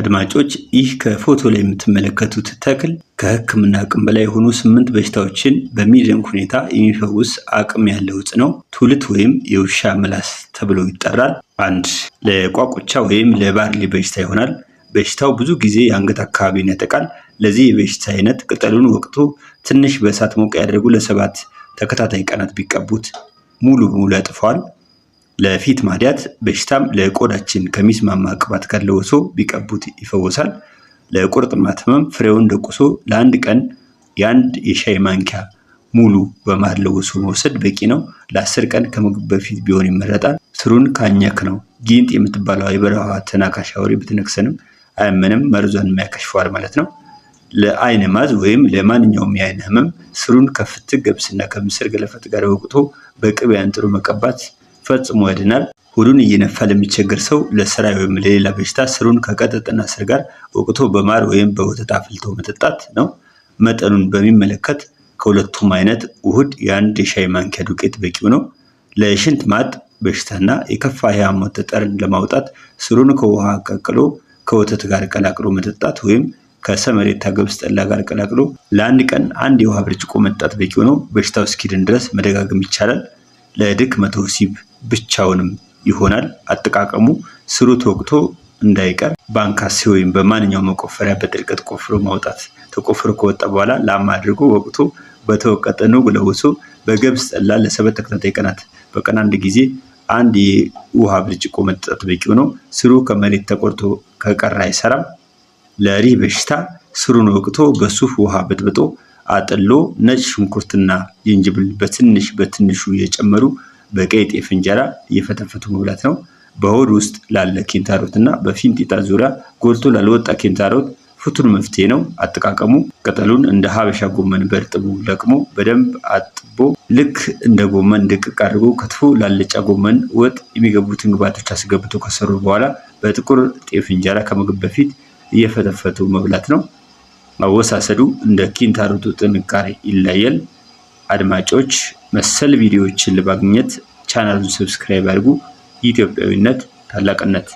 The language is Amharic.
አድማጮች ይህ ከፎቶ ላይ የምትመለከቱት ተክል ከሕክምና አቅም በላይ የሆኑ ስምንት በሽታዎችን በሚደንቅ ሁኔታ የሚፈውስ አቅም ያለው ዕፅ ነው። ቱልት ወይም የውሻ ምላስ ተብሎ ይጠራል። አንድ ለቋቁቻ ወይም ለባርሊ በሽታ ይሆናል። በሽታው ብዙ ጊዜ የአንገት አካባቢን ያጠቃል። ለዚህ የበሽታ አይነት ቅጠሉን ወቅቱ ትንሽ በእሳት ሞቅ ያደርጉ ለሰባት ተከታታይ ቀናት ቢቀቡት ሙሉ በሙሉ ያጥፈዋል። ለፊት ማዲያት በሽታም ለቆዳችን ከሚስማማ ቅባት ጋር ለውሶ ቢቀቡት ይፈወሳል። ለቁርጥማት ህመም ፍሬውን ደቁሶ ለአንድ ቀን የአንድ የሻይ ማንኪያ ሙሉ በማር ለውሶ መውሰድ በቂ ነው። ለአስር ቀን ከምግብ በፊት ቢሆን ይመረጣል። ስሩን ካኘክ ነው። ጊንጥ የምትባለው የበረሃ ተናካሽ አውሬ ብትነክሰንም አያመንም፣ መርዟን የሚያከሽፈዋል ማለት ነው። ለአይነ ማዝ ወይም ለማንኛውም የአይን ህመም ስሩን ከፍትህ ገብስና ከምስር ገለፈት ጋር ወቅቶ በቅቤ አንጥሮ መቀባት ፈጽሞ ያድናል። ሆዱን እየነፋ ለሚቸገር ሰው ለስራ ወይም ለሌላ በሽታ ስሩን ከቀጠጥና ስር ጋር ወቅቶ በማር ወይም በወተት አፍልቶ መጠጣት ነው። መጠኑን በሚመለከት ከሁለቱም አይነት ውህድ የአንድ የሻይ ማንኪያ ዱቄት በቂው ነው። ለሽንት ማጥ በሽታና የከፋ የሐሞት ጠረን ለማውጣት ስሩን ከውሃ ቀቅሎ ከወተት ጋር ቀላቅሎ መጠጣት ወይም ከሰመሬታ ገብስ ጠላ ጋር ቀላቅሎ ለአንድ ቀን አንድ የውሃ ብርጭቆ መጠጣት በቂው ነው። በሽታው እስኪድን ድረስ መደጋገም ይቻላል። ለድክመተ ወሲብ ብቻውንም ይሆናል። አጠቃቀሙ ስሩ ተወቅቶ እንዳይቀር በአንካሴ ወይም በማንኛውም መቆፈሪያ በጥልቀት ቆፍሮ ማውጣት። ተቆፍሮ ከወጣ በኋላ ላም አድርጎ ወቅቶ በተወቀጠ ኖግ ለውሶ በገብስ ጠላ ለሰበት ተከታታይ ቀናት በቀን አንድ ጊዜ አንድ የውሃ ብርጭቆ መጠጣት በቂው ነው። ስሩ ከመሬት ተቆርቶ ከቀረ አይሰራም። ለሪህ በሽታ ስሩን ወቅቶ በሱፍ ውሃ በጥብጦ አጥሎ ነጭ ሽንኩርትና ዝንጅብል በትንሽ በትንሹ እየጨመሩ በቀይ ጤፍ እንጀራ እየፈተፈቱ መብላት ነው። በሆድ ውስጥ ላለ ኪንታሮት እና በፊንጢጣ ዙሪያ ጎልቶ ላልወጣ ኪንታሮት ፍቱን መፍትሄ ነው። አጠቃቀሙ ቅጠሉን እንደ ሀበሻ ጎመን በእርጥቡ ለቅሞ በደንብ አጥቦ ልክ እንደ ጎመን ድቅቅ አድርጎ ከትፎ ላልጫ ጎመን ወጥ የሚገቡትን ግብዓቶች አስገብቶ ከሰሩ በኋላ በጥቁር ጤፍ እንጀራ ከምግብ በፊት እየፈተፈቱ መብላት ነው። ማወሳሰዱ እንደ ኪንታሮቱ ጥንካሬ ይለያል። አድማጮች መሰል ቪዲዮዎችን ለማግኘት ቻናሉን ሰብስክራይብ አድርጉ። የኢትዮጵያዊነት ታላቅነት